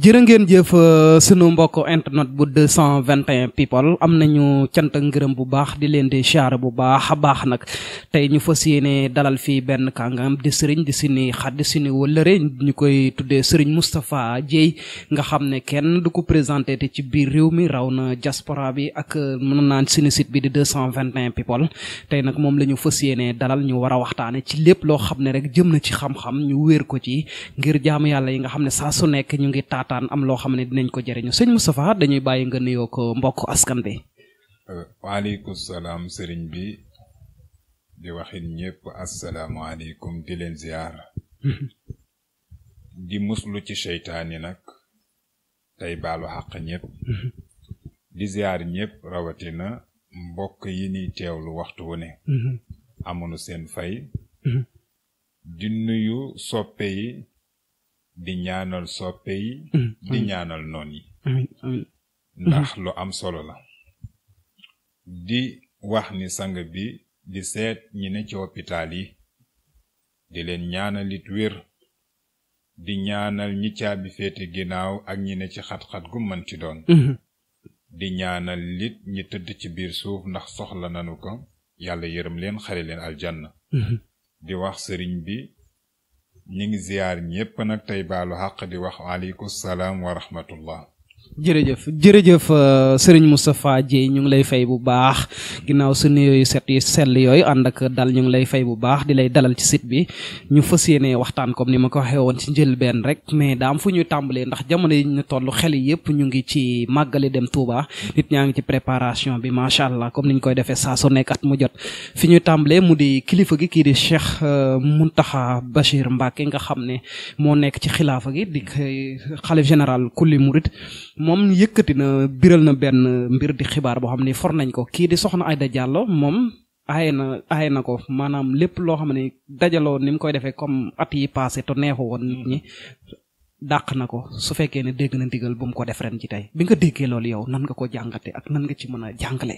jërë ngeen jëf euh, sunu mbokk internet bu 221 people am nañu cant ngërëm bu baax di leen di siyaare bu baax a baax nag tey ñu fas yéene dalal fii benn kàngam di sëriñ di suñu xarit di suñu ñu koy tuddee sëriñ Moustapha Dieye nga xam ne kenn du ko présenter te ci biir réew mi raw na diaspora bi ak euh, mën naan suñu site bi di 221 people tey nag moom la ñu fas yéene dalal ñu war a waxtaane ci lépp loo xam ne rek jëm na ci xam-xam ñu wéer ko ci ngir jaamu yàlla waxtaan am loo xam ne dinañ ko jëriñu sëñ Moustapha dañuy bàyyi nga nuyoo ko mbokk askan bi. waaleykum salaam sëriñ bi di waxin ñëpp asalaamaaleykum di leen ziar. di muslu ci seytaani nag tey baalu xàq ñëpp di ziar ñëpp rawatina mbokk yi niy teewlu waxtu wu ne amuñu seen fay di nuyu soppe yi di ñaanal soppe yi mm, di ñaanal noon yi ndax mm-hmm. lu am solo la di wax ni sang bi di seet ñi ne ci hôpital yi di leen ñaanalit wér di ñaanal ñi caabi féete ginnaaw ak ñi ne ci xat-xat gu mën ci doon mm-hmm. di ñaanal lit ñi tëdd ci biir suuf ndax soxla nanu ko yàlla yërëm leen xare leen aljanna mm-hmm. di wax sëriñ bi ñi ngi ziyaar ñépp nag tey baalu xaq di wax aleyku salaam wa rahmatullah jërëjëf jërëjëf euh, sëriñ Moustapha Dieye ñu ngi lay fay bu baax ginnaaw sa nuyoo yu set yu sell yooyu ànd ak dal ñu ngi lay fay bu baax di lay dalal ci site bi ñu fas yéene waxtaan comme ni ma ko waxee woon ci benn rek mais daam fu ñu tàmbalee ndax jamono yi ñu toll xel yi yëpp ñu ngi ci màggali dem Touba nit ñaa ngi ci préparation bi macha allah comme ni ñu koy defee saa su nekk at mu jot fi ñu tàmbalee mu di kilifa gi kii di Cheikh euh, Mountakha Bachir Mbacké nga xam ne moo nekk ci xilaafa gi di euh, xalif général kulli moom yëkkati na biral na benn mbir di xibaar boo xam ne for nañ ko kii di soxna ay Aida jàlloo moom aaye na aaye na ko maanaam lépp loo xam ne dajaloo ni mu koy defee comme at yi passé te neexu woon nit ñi dàq na ko su fekkee ne dégg na ndigal bu mu ko def ren ci tey bi nga déggee loolu yow nan nga ko jàngate ak nan nga ci mën a jàngale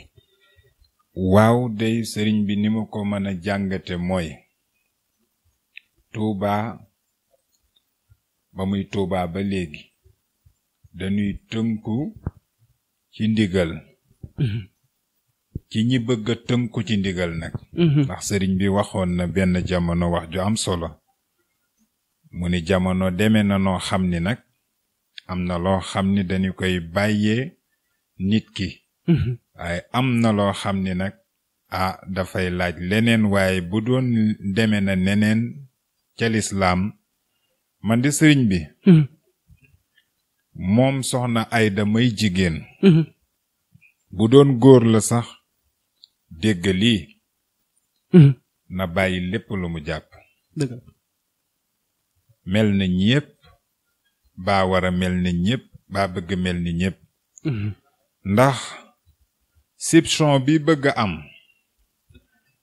waaw day sëriñ bi ni mu ko mën a jàngate mooy tuubaa ba muy tuubaa ba léegi dañuy tënku ci ndigal mhm. ci ñi bëgg a tënku ci ndigal nag mhm. ndax sëriñ bi waxoon na benn jamono wax ju am solo mu ne jamono deme na noo xam ni nag am na loo xam ni dañu koy bàyyee nit ki mhm. waaye am na loo xam ni nag ah dafay laaj leneen waaye bu doon deme na neneen ca lislaam man di sëriñ bi moom soxna ay damay jigéen mhm. bu doon góor la sax dégg lii mhm. na bàyyi lépp lu mu jàpp mel na ñépp baa wara mel ni ñépp baa bëgg mel ni ñépp mhm. ndax sipson bi bëgg am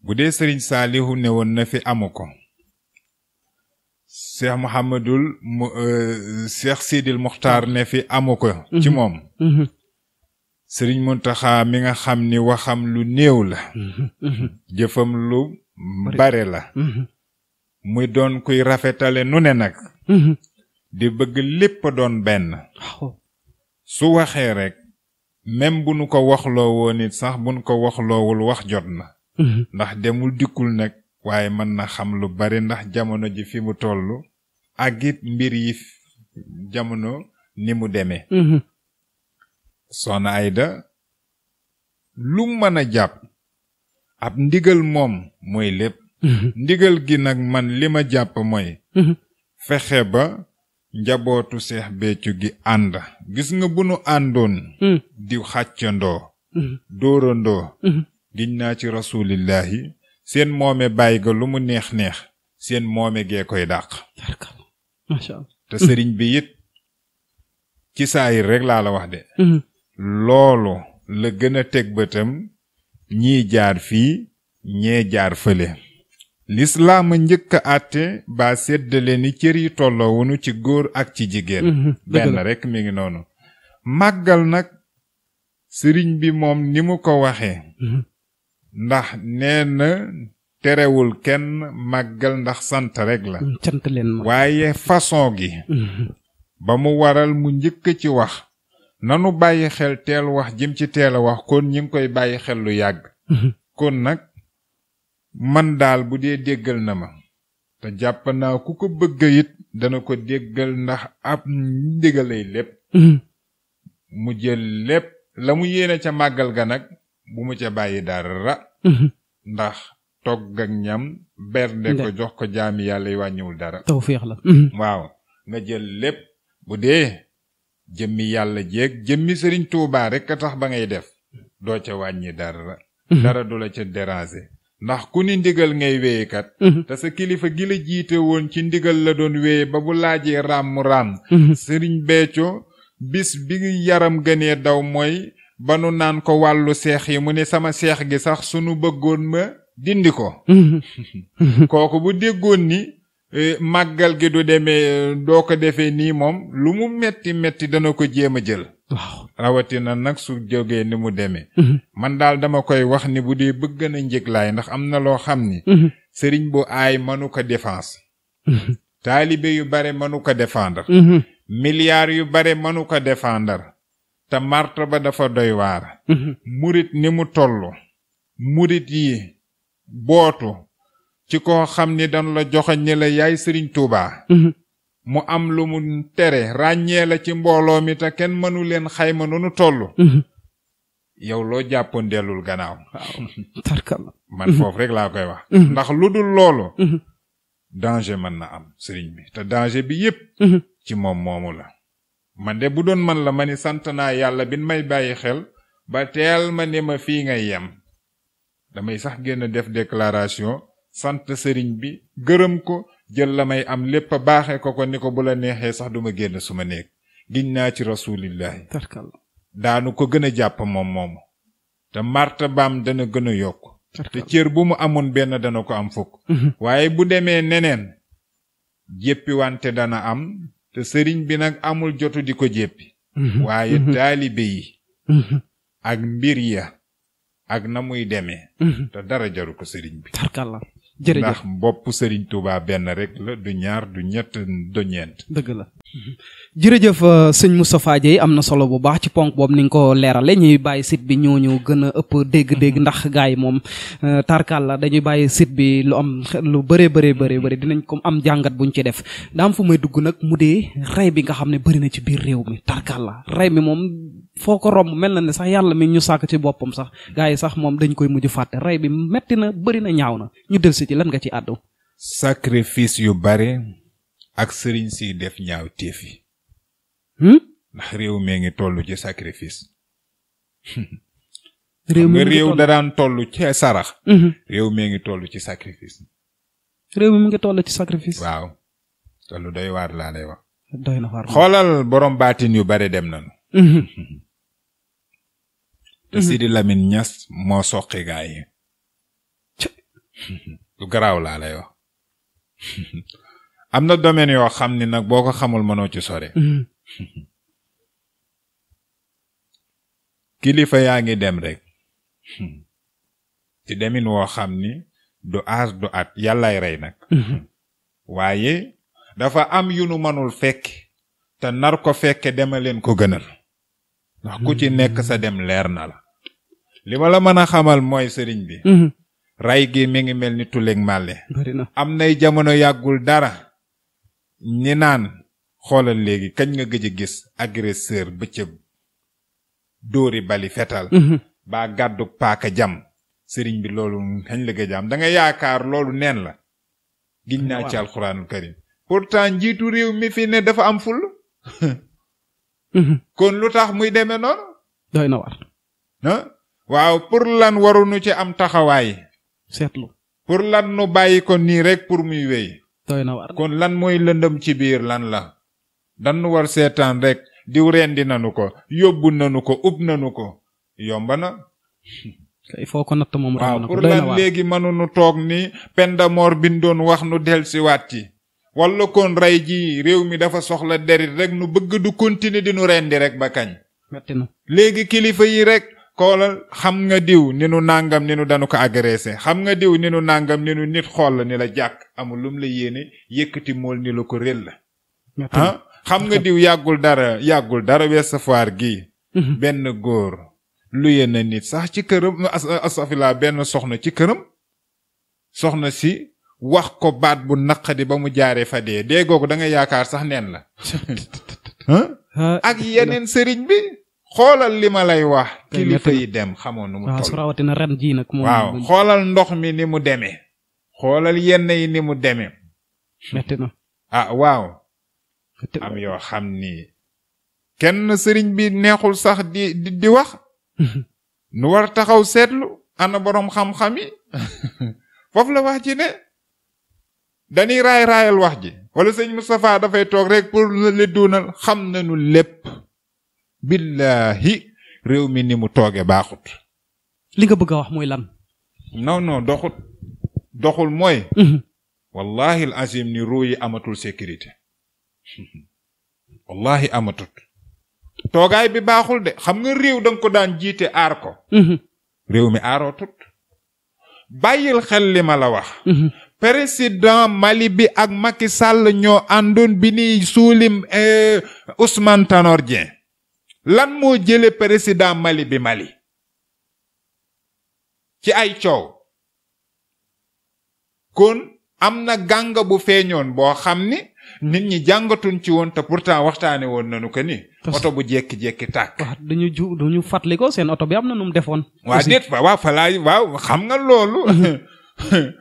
bu dee sëriñ saalihu ne woon na fi amu ko Cheikh Mouhamadul mu euh, Cheikh Sidil Mokhtar ne fi amu ko. ci mhm. moom. sëriñ mhm. Serigne Mountakha mi nga xam ni waxam lu néew la. Mhm. jëfam lu bare la. muy doon kuy rafetale nu ne nag. di bëgg lépp doon benn. su waxee rek. même bu nu ko waxloo woon it sax bu nu ko waxloowul wax jot na. ndax demul dikkul nag. waaye mën na xam lu bari ndax jamono ji fi mu toll ak mbir yi jamono ni mu demee mm -hmm. Ayda lu mën a jàpp ab ndigal moom mooy lépp mm-hmm. ndigal gi nag man li ma jàpp mooy mm-hmm. fexe ba njabootu seex beccu gi ànd gis nga bu nu àndoon mm. di xàccandoo mm-hmm. dóorandoo giñ naa ci rasulillahi seen moome bàyyi ga lu mu neex neex seen moome gee koy dàq. macha te sëriñ bi it ci saayir rekk laa la wax de. Mm-hmm. loolu la gën a teg bëtam ñii jaar fii ñee jaar fële. lislaama njëkk a àtte ba seddale ni cër yi tolloo ci góor ak ci jigéen. Mm benn rek mi ngi noonu. màggal nag sëriñ bi moom ni mu ko waxee. Mm-hmm. ndax nee na terewul kenn màggal ndax sant rekk la. Mm, sant leen waaye façon gi. Mm-hmm. ba mu waral mu njëkk ci wax. nanu bàyyi xel teel wax jëm ci teel a wax kon ñi koy bàyyi xel lu yàgg. Mm-hmm. kon nag man daal bu dee déggal na ma. te jàpp naa ku ko bëgg it dana ko déggal ndax ab ndigalay lépp. Mm-hmm. mu jël lépp la mu yéene ca màggal ga nag. bu mu ca bàyyi dara. Mhm. ndax togg ak ñam. bernde ko jox ko jaami yàlla yi wàññiwul dara. tawféex la. Mhm. Mhm. waaw nga jël lépp bu dee jëmmi yàlla jéeg jëmmi sëriñ Tuubaa rek a tax ba ngay def doo ca wàññi dara. dara du la ca déranger. ndax ku ni ndigal ngay wéyekat te sa kilifa gi la jiite woon ci ndigal la doon wéye ba bu laajee raam mu raam. sëriñ Béthio bis bi yaram gënee daw mooy banu naan ko wàllu seex yi mu ne sama seex gi sax sunu bëggoon ma dindi ko kooku bu déggoon ni e, màggal gi du deme doo ko defee nii moom lu mu metti metti dana ko jéem a jël rawatina nag su jógee ni mu demee mm-hmm. man daal dama koy wax ni bu dee bëgg na njëglaay ndax am na loo xam ni mm-hmm. sëriñ bu aay mënu ko défense mm-hmm. taalibe yu bare mënu ko défendre milliards yu bare mënu ko défendre te ba dafa doy waar mhm. murit ni mu toll murit yi bootu ci koo xam ni dañ la joxoñ ni la yaay sëriñ Tuubaa mhm. mu am lu mu tere ràññee la ci mbooloo mi te kenn mënu leen xayma nu nu toll mhm. yow loo jàppoon dellul gannaaw man foofu rek laa koy wax ndax lu dul loolu danger mën na am sëriñ bi te danger bi yépp ci moom moomu la man de bu doon man la ma ni sant naa yàlla bin may bàyyi xel ba teel ma ni ma fii ngay yem damay sax génn def déclaration sant sëriñ bi gërëm ko jël la may am lépp a baaxee ko ko ni ko bu la neexee sax du ma génn su ma néeg giñ naa ci rasulillahi daanu ko gën a jàpp moom moomu te baam dana gën a yokk te cër bu mu amoon benn dana ko am fukk mhm. waaye bu demee neneen jéppiwante dana am te sëriñ bi nag amul jotu di ko jéppi mhm. waaye mhm. taalibe yi mhm. ak mbir ya ak na muy demee dara jaru ko sëriñ bi tarkalla jërëjëf ndax bopp Serigne Touba benn rek du ñaar du ñett du dëgg la. jërëjëf euh, sëñ Moustapha yi am na solo bu baax ci ponk boobu ni nga ko leerale ñuy bàyyi site bi ñoo ñu gën a ëpp dégg-dégg mhm. ndax gars yi moom euh, tarkaal la dañuy bàyyi site bi lu am lu bëree bëree bëree mhm. bëri dinañ ko am jàngat buñ ci def daam fu may dugg nag mu dee rey bi nga xam ne bëri na ci biir réew mi tarkal la rey mi moom. foo ko romb mel na ne sax yàlla mi ñu sàkk ci boppam sax gars yi sax moom dañ koy mujj fàtte rey bi metti na bëri na ñaaw na ñu del si ci lan nga ci àddu sacrifice yu bare ak sëriñ siy def ñaaw téef yi hmm? ndax réew mee ngi toll ci sacrifice réew mi ngi réew da daan toll ci sarax. Hmm. réew mi ngi toll ci sacrifice. réew mi ngi toll ci sacrifice. waaw toll doy waar laa lay wax. doy na waar borom baatin yu bare dem nañu. Hmm. te mhm. Sidi Lamine ñas moo soqi gaa yi mhm. lu garaaw laa lay am na domaine yoo xam ni nag boo ko xamul mënoo ci sore mhm. kilifa yaa ngi dem rek ci demin woo xam ni du aas du at yàllaay rey nag waaye dafa am yu mënul fekk te nar ko fekkee dema leen ko gënal ndax ku ci nekk sa dem leer na la li ma la mën a xamal mooy sëriñ bi mhm. ray gi mi ngi mel ni tulleeg màlle am nay jamono yàggul dara ñi naan xoolal léegi kañ nga gëj a gis ba bëccëg dóori bali fetal mhm. baa gàddu paaka jam sëriñ bi loolu kañ la gëj am da yaakaar loolu neen la giñ naa ci alxuraanul karim pourtant njiitu réew mi fi ne dafa am ful Mm-hmm. kon lu tax muy deme noonu. doy waaw pour lan waruñu ci am taxawaay. seetlu pour lan nu bàyyi ko nii rek pour muy wéy. na kon lan mooy lëndëm ci biir lan la. dan war seetaan rek diw rendi nanu ko yóbbu nanu ko ub nanu ko yomba na. il faut ko natt moom. waaw pour lan léegi mënuñu toog ni peine de mort wax nu dellusiwaat ci. walla kon rey ji réew mi dafa soxla derit rek nu bëgg du continuer dinu rendi rek ba kañ. léegi kilifa yi rek. xoolal xam nga diw ni nu nàngam ni nu danu ko agressé xam nga diw ni nàngam ni nu nit xool la jàkk amul lum la yéene yëkkati mool ni ko réel la. xam nga diw yàggul dara yàggul dara Ouest Foire gi. benn góor luye na nit sax ci këram as asafila benn soxna ci këram soxna si. wax ko baat bu naqadi ba mu jaaree fa dee dee googu da yaakaar sax neen la ak yeneen sëriñ bi xoolal li ma lay wax kilifa yi dem xamoon nu mu ah, toll ren ji nag waaw xoolal ndox mi ni mu demee xoolal yenn yi ni mu demee metti na ah waaw am yoo xam ni kenn sëriñ bi neexul sax di di, wax nu war taxaw seetlu ana boroom xam-xam yi foofu la wax ci ne dañuy raay raayal wax ji wala sëñ Moustapha dafay toog rek pour le duunal xam nañu lépp billaahi réew mi ni mu tooge baaxut. li nga bëgg a wax mooy lan. non non doxut doxul mooy. Mhm. wallahi al azim ni ruu yi amatul sécurité wallahi amatut toogaay bi baaxul de xam nga réew da ko daan jiite aar ko. Mhm. réew mi aaroo bàyyil xel li ma la wax. Mhm. président Mali bi ak Macky Sall ñoo àndoon bi ni suuli eh, Ousmane lan moo jële président Mali bi Mali ci ay coow kon am na gànga bu feeñoon boo xam ni nit ñi jàngatuñ ci woon te pourtant waxtaane woon nañu ko ni. oto bu jékki-jékki tàkk. waaw dañu ju dañu fàttali seen oto bi am na nu mu defoon. waa déet fa waaw fa waaw xam nga loolu.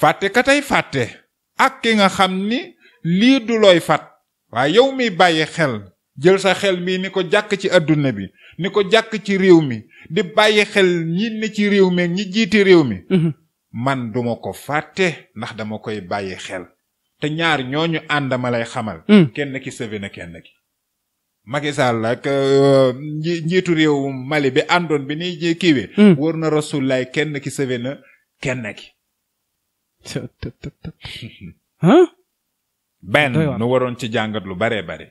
fàtte ka tey fàtte ak ki nga xam ni lii du looy fat waaye yow mi bàyyi xel jël sa xel mii ni ko jàkk ci àdduna bi ni ko jàkk ci réew mi di bàyyi xel ñi ni ci réew mi ñi jiiti réew mi mhm. man duma ko fàtte ndax dama koy bàyyi xel te ñaar ñooñu ànd ma lay xamal mm. kenn ki sëve na kenn ki Macky Sall ak euh, njiitu réew Mali bi àndoon bi ni kiiwee mm. wër na rasulaay kenn ki sëve na kenn ki benn nu waroon ci jàngat lu baree bare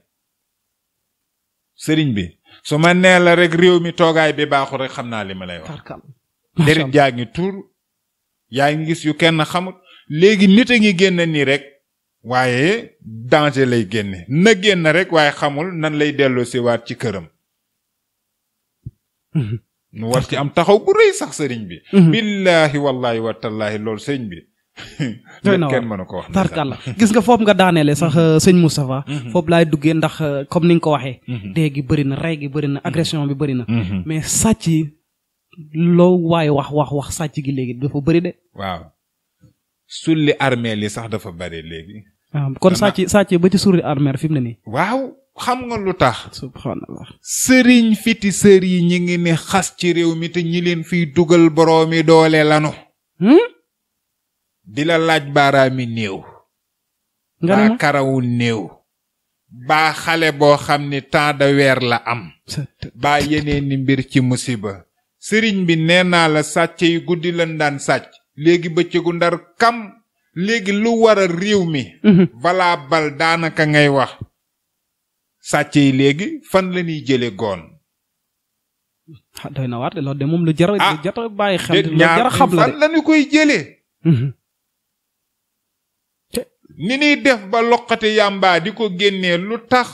sëriñ bi su ma nee la rek réew mi toogaay bi baaxu rek xam naa li ma lay wax deret jaa ngi tuur yaa ngi gis yu kenn xamut léegi nit a ngi génne nii rek waaye danger lay génne na génn rek waaye xamul nan lay delloo si ci këram mhm. nu war ci am taxaw bu rëy sax sëriñ bi mhm. billaahi wallaahi watallaahi loolu sëriñ bi doy na kenn mënu ko wax tarkalla gis nga foofu nga daaneele sax euh, sëñ Moustapha mhm. foofu laay duggee ndax euh, comme ni nga ko waxee mhm. dee gi bëri na rey gi bëri na mhm. agression bi bëri na mais sàcc yi loo waaye wax wax wax sàcc gi léegi dafa bëri de waaw sulli armée yi sax dafa bëri léegi ah, kon sàcc sàcc ba ci sulli armée fi mu ne nii waaw xam nga lu tax subhanallah sëriñ fiti sër yi ñu ngi ne xas ci réew mi te ñi leen fiy dugal boroomi doole lanu hmm? di la laaj baaraami néew baa néew baa xale boo xam ni temps la am baa yeneeni mbir ci musiba sëriñ bi nee naa la sàcc yi guddi lañ daan sàcc léegi bëccëgu ndar kam léegi lu war a réew mi balaa mhm. bal daanaka ngay wax sàcc yi léegi fan la ñuy jële goon ah, doy na waar de de moom lu jar ah, bàyyi xel ñaar fan la koy jële mhm. ni ñuy def ba loqate yàmbaa di ko génnee lu tax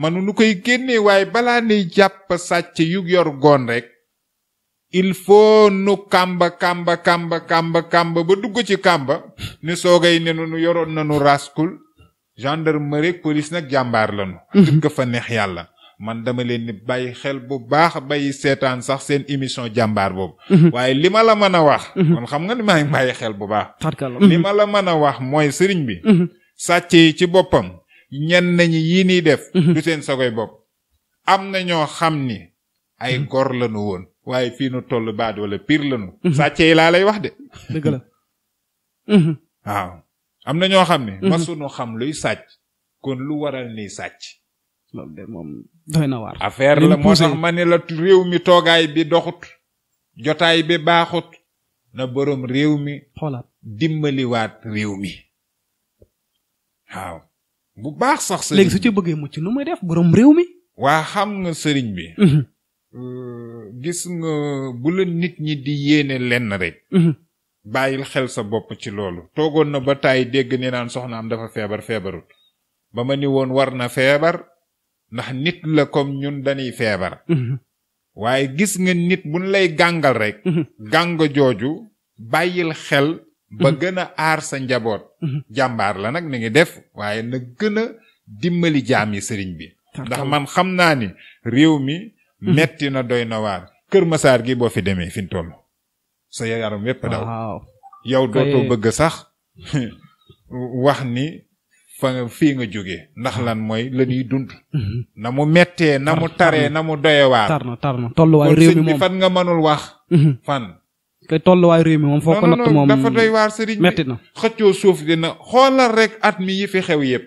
manu nu koy génnee waaye balaa nuy jàpp sàcc yu yor goon rekk il faut nu kàmba kàmba kàmba kàmba kàmba ba dugg ci kàmba ne soogay ne nu yoroon nanu raskul gendarmerie police nag jàmbaar lanu mhm. dëkk fa neex yàlla man dama leen ni bàyyi xel bu baax bàyyi seetaan sax seen émission jàmbaar boobu. Mhm. waaye li ma la mën a wax. Mhm. kon xam nga ni maa ngi xel bu baax. li ma la mën a wax mooy sëriñ bi. Mhm. ci boppam. ñenn ñi yii nii def. du seen sagoy am na ñoo xam ni. ay gor la woon. waaye fii nu toll baat wala pire la nu. laa lay wax de. dëgg na ñoo xam ne. ma sunu xam luy sàcc. kon lu waral nii sàcc. loolu moom na waar. affaire la moo sax ma ne la réew mi toogaay bi doxut jotaay bi baaxut na boroom réew mi. xoolaat dimbaliwaat réew mi waaw. bu baax sax sëriñ su ci bëggee mucc nu muy def boroom réew mi. waa xam nga sëriñ bi. Mhm. Euh, gis nga bu la nit ñi di yéene leen rek. Mhm. bàyyil xel sa bopp ci loolu. toogoon na ba tàyyi dégg ne naan soxnaam dafa feebar feebarut ba ma ni woon war na feebar ndax nit la comme ñun dañuy feebar. Mm-hmm. waaye gis nga nit bu ñu lay gàngal rek. Mm-hmm. gàng jooju bàyyil xel. ba mm-hmm. gën a aar sa njaboot. jàmbaar la nag mi ngi def waaye na gën a dimbali jaam yi sëriñ bi. ndax man xam naa ni réew mi. metti na doy na waar. Kër Masaar gi boo fi demee fi mu toll. sa yaram yépp daw. yow dootoo bëgg sax wax ni. fa fii nga jógee ndax ah. lan mooy la ñuy dund. Mhm. na mu mettee na mu taree na mu doyewaar. tar na tar na tolluwaay réew mi moom fan nga mënul wax. Mhm. fan. kay tolluwaay réew mi moom foo natt moom dafa doy waar sëriñ bi metti na xëccoo suuf dina xoolal rek at mi yi fi xew yëpp.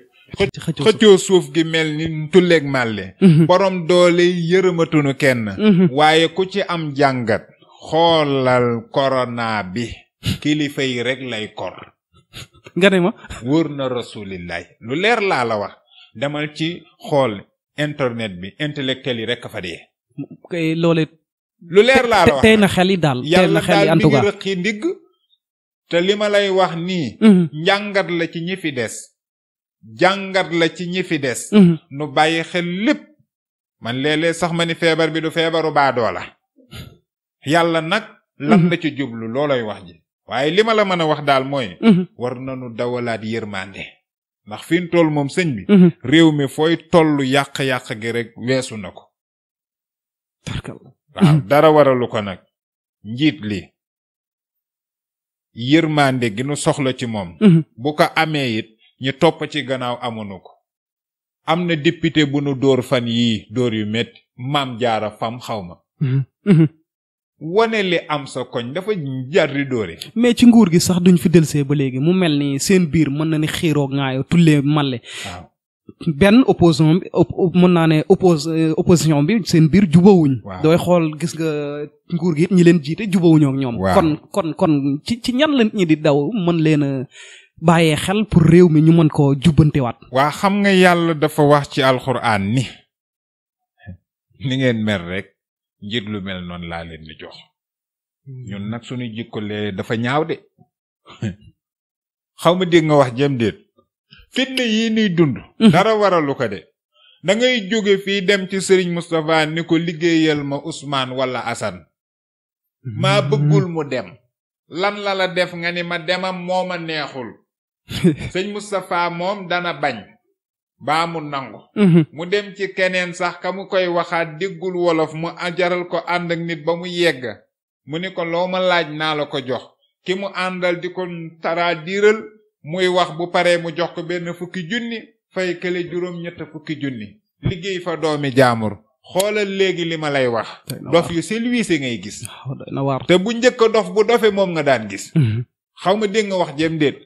xëccoo suuf gi mel ni tulleeg màlle. Mhm. borom doole yërëmatunu kenn. waaye ku ci am jàngat. xoolal corona bi. kilifa yi rek lay kor. nga ma. wóor na rasulillahi lu leer laa la wax demal ci xool internet bi intellectuel yi rek fa dee. kay lu leer laa la wax tey na xel yi daal tey na xel yi en tout cas yàlla daal mi ngi rëq yi ndigg te li ma lay wax nii. Mhm. njàngat la ci ñi fi des. jàngat la ci ñi fi des. Mhm. nu bàyyi xel lépp. man léeg sax ma ni feebar bi du feebaru baadoo la. yàlla nag. lan mhm. la ci jublu loolay wax ji. waaye li ma la mën a wax daal mooy. Mhm. war nañu dawalaat yërmande. ndax fiin tool moom sëñ bi. Mhm. réew mi fooy tollu yàq-yàq gi rek weesu na ko. Mhm. dara waralu ko nag. njiit li yërmande gi nu soxla ci moom. bu ko amee it ñu topp ci gannaaw amuñu ko. am na député bu nu dóor fan yii dóor yu métti maam jaara fam xaw ma. wane li am sa koñ dafa jarri dóore mais ci nguur gi sax duñ fi dëlsee ba léegi mu mel ni seen biir mën na ni xiiroo ngaayo tullee male waaw benn opposition bi mën naa ne oppos euh, opposition bi seen biir jubawuñ dooy xool gis nga nguur gi it ñi leen jiite jubawuñoo ak ñoom kon kon kon ci ci ñan la nit di daw mën leen a bàyyee xel pour réew mi ñu mën koo jubbantewaat waa xam nga yàlla dafa wax ci alxuraan ni ni ngeen mer rek ngir lu mel noonu laa leen jox hmm. ñun nag suñu jikkolee dafa ñaaw de xaw ma dégg nga wax jëm déet fitna yii nuy dund hmm. dara waralu ko de da ngay jóge fii dem ci Serigne Moustapha ni ko liggéeyal ma usmaan walla Assane maa hmm. bëggul mu dem lan lala def nga ni ma demam moo ma neexul sëñ Moustapha moom dana bañ baa mu nangu mhm. mu dem ci keneen sax ka mu koy waxaat déggul wolof mu jaral ko ànd ak nit ba mu yegg mu ni ko loo laaj naa la ko jox ki mu àndal di ko taraa diiral muy wax bu paree mu jox ko benn fukki junni fay kële juróom ñett fukki junni liggéey fa doomi jaamur xoolal léegi li ma lay wax dof yu silwiise ngay gis te bu njëkk dof bu dofe moom nga daan gis mhm. xaw ma dégg nga wax jëm déet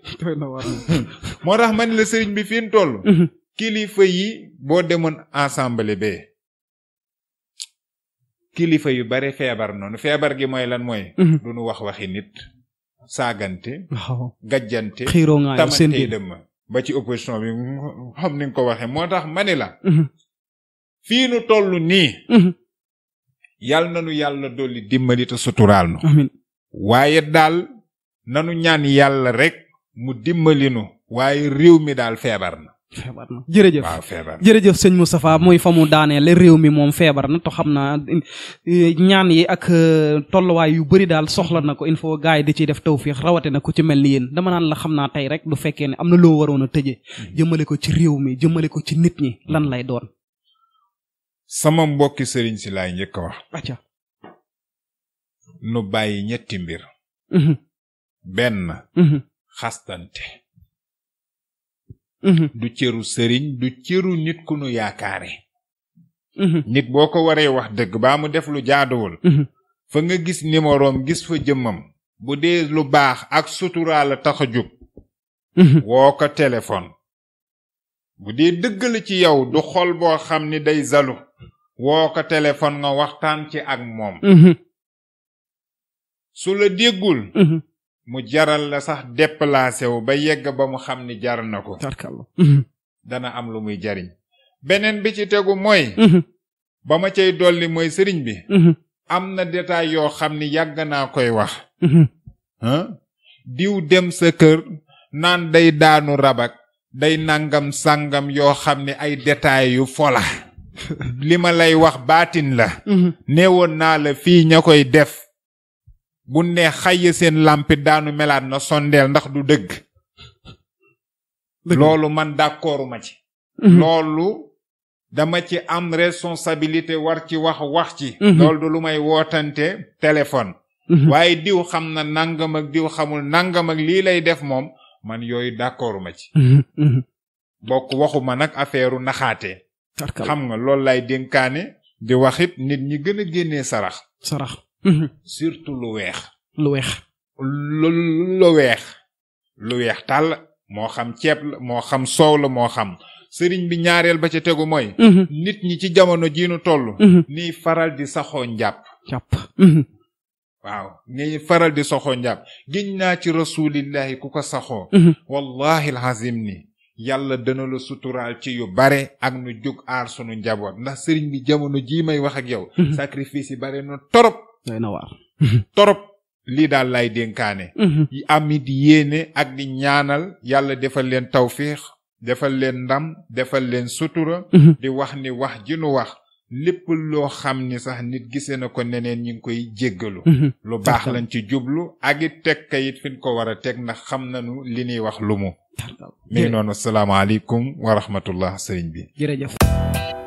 moo tax man la sëriñ bi fi mu kilifa yi boo demoon assemblée be kilifa yu bari feebar noonu feebar gi mooy lan mooy. Mhm. du wax waxi nit. saagante. waaw gàjjante. xiiroo nga ba ci opposition bi xam ni nga ko waxee moo tax ma ne la. Mhm. fii nu toll nii. Mhm. yàlla na nu yàlla dolli dimbali suturaal nu. waaye daal nanu ñaan yàlla rek mu dimbali nu waaye réew mi daal feebar na. jërëjëf jërëjëf sëñ Moustapha mooy famu mu daaneel réew mi moom feebar na to xam naa ñaan yi ak euh, tolluwaay yu bari daal soxla na ko il faut gars yi di ciy def tawfiix rawate na ku ci mel ni yéen dama naan la xam naa tey rek du fekkee ne am na loo waroon a tëjee hmm. jëmale ko ci réew mi jëmale ko ci nit ñi hmm. lan lay doon sama mbokki sëriñ si laay njëkk a nu bàyyi ñetti mbir mhm. benn mhm. xastante Mm-hmm. du cëru sëriñ du cëru nit ku nu yaakaare mm-hmm. nit boo ko waree wax dëgg baa mu def lu jaaduwul mm-hmm. fa nga gis numéroom gis fa jëmmam bu dee lu baax ak suturaa la tax a jóg woo ko téléphone bu dee dëgg ci yow du xol boo xam ni day zalu woo ko telefon nga waxtaan ci ak moom su la déggul mu jaral la sax déplacé wu ba yegg ba mu xam ni jar na ko. Mhm. dana am lu muy jariñ. beneen bi ci tegu mooy. Mhm. ba ma cay dolli mooy sëriñ bi. Mhm. am na détail yoo xam ni yàgg naa koy wax. diw dem sa kër naan day daanu rabak day nangam sàngam yoo xam ne ay détail yu fola li ma lay wax baatin la. neewoon naa la fii ña koy def. bu ne xayya seen làmpi daanu melaat na sondeel ndax du dëgg loolu man d'accordu ma ci mhm. loolu dama ci am responsabilité war ci wax wax ci mhm. loolu du lu may wootante téléphone mhm. waaye diw xam na nangam diw xamul nangam lii lay def moom man yooyu d'accordu ma ci bokk waxuma nag affaireu naxaate xam nga loolu lay dénkaane di waxit nit ñi gën a génnee sarax sarax Mhm. surtout lu weex. lu weex. lu weex. lu weex tàll moo xam ceeb la moo xam soow la moo xam. sëriñ bi ñaareel ba ca tegu mooy. Mhm. nit ñi ci jamono jii nu toll. Mhm. nii faral di saxoo njàpp. njàpp. waaw faral di saxoo njàpp giñ naa ci rasulillahi ku ko saxoo. wallahi alazim ni yàlla dana la suturaal ci yu bare ak nu jóg aar sunu njaboot ndax sëriñ bi jamono jii may wax ak yow. sacrifice yi bare na torop. doy torop lii daal lay dénkaane. Mhm. yi am amit yéene ak di ñaanal yàlla defal leen tawfiix defal leen ndam defal leen sutura. Mhm. di wax ni wax ji nu wax. lépp loo xam ni sax nit gisee na ko neneen ñi ngi koy jéggalu mhm. lu baax lañ ci jublu ak teg kayit fi ko war a teg ndax xam nañu li ñuy wax lu mu. mi noonu salaamaaleykum wa rahmatullah sëriñ bi jërëjëf